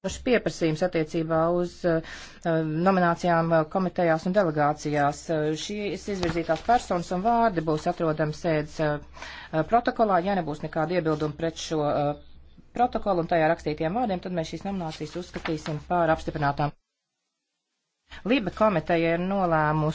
plašs pieprasījums attiecībā uz uh, nominācijām uh, komitejās un delegācijās. Uh, šīs izvirzītās personas un vārdi būs atrodami sēdes uh, uh protokolā, ja nebūs nekāda iebilduma pret šo uh, protokolu un tajā rakstītiem vārdiem, tad mēs šīs nominācijas uzskatīsim par apstiprinātām. Liba komiteja ir nolēmusi.